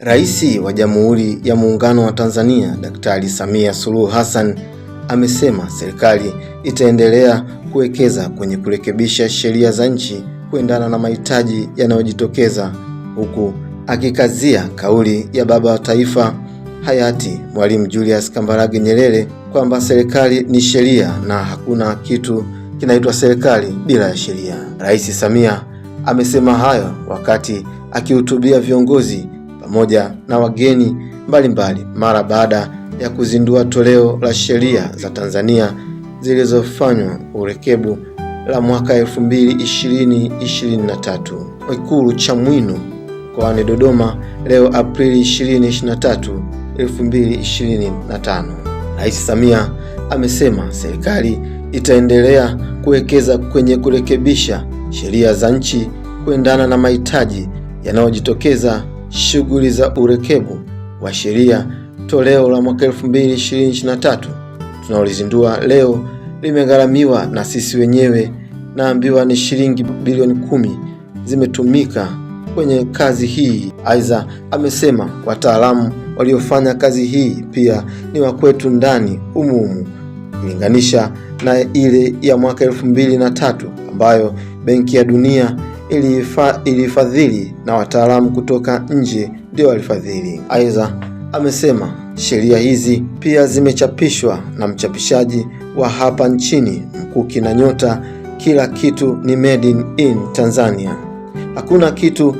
Rais wa Jamhuri ya Muungano wa Tanzania Daktari Samia Suluhu Hassan amesema serikali itaendelea kuwekeza kwenye kurekebisha sheria za nchi kuendana na mahitaji yanayojitokeza, huku akikazia kauli ya baba wa taifa hayati Mwalimu Julius Kambarage Nyerere kwamba serikali ni sheria na hakuna kitu kinaitwa serikali bila ya sheria. Rais Samia amesema hayo wakati akihutubia viongozi pamoja na wageni mbalimbali mara baada ya kuzindua toleo la sheria za Tanzania zilizofanywa urekebu la mwaka 2023 Ikulu Chamwino mkoani Dodoma leo Aprili 2023, 2025. Rais Samia amesema serikali itaendelea kuwekeza kwenye kurekebisha sheria za nchi kuendana na mahitaji yanayojitokeza shughuli za urekebu wa sheria toleo la mwaka 2023 tunaolizindua leo limegharamiwa na sisi wenyewe. Naambiwa ni shilingi bilioni kumi zimetumika kwenye kazi hii. Aidha, amesema wataalamu waliofanya kazi hii pia ni wa kwetu ndani umuumu, kulinganisha na ile ya mwaka elfu tatu ambayo Benki ya Dunia ilifadhili na wataalamu kutoka nje ndio walifadhili. Aidha, amesema sheria hizi pia zimechapishwa na mchapishaji wa hapa nchini Mkuki na Nyota. Kila kitu ni made in Tanzania, hakuna kitu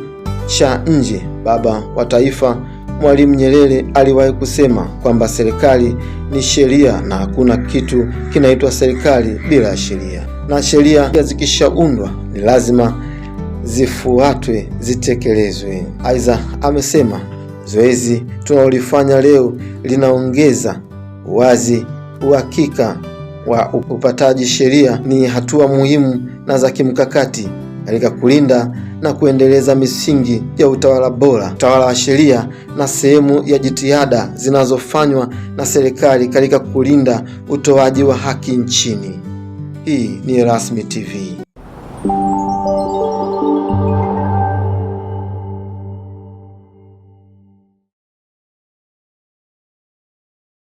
cha nje. Baba wa Taifa Mwalimu Nyerere aliwahi kusema kwamba serikali ni sheria na hakuna kitu kinaitwa serikali bila ya sheria, na sheria zikishaundwa ni lazima zifuatwe, zitekelezwe. Aidha amesema zoezi tunalolifanya leo linaongeza wazi, uhakika wa upataji sheria. Ni hatua muhimu na za kimkakati katika kulinda na kuendeleza misingi ya utawala bora, utawala wa sheria, na sehemu ya jitihada zinazofanywa na serikali katika kulinda utoaji wa haki nchini. Hii ni Erasmi TV.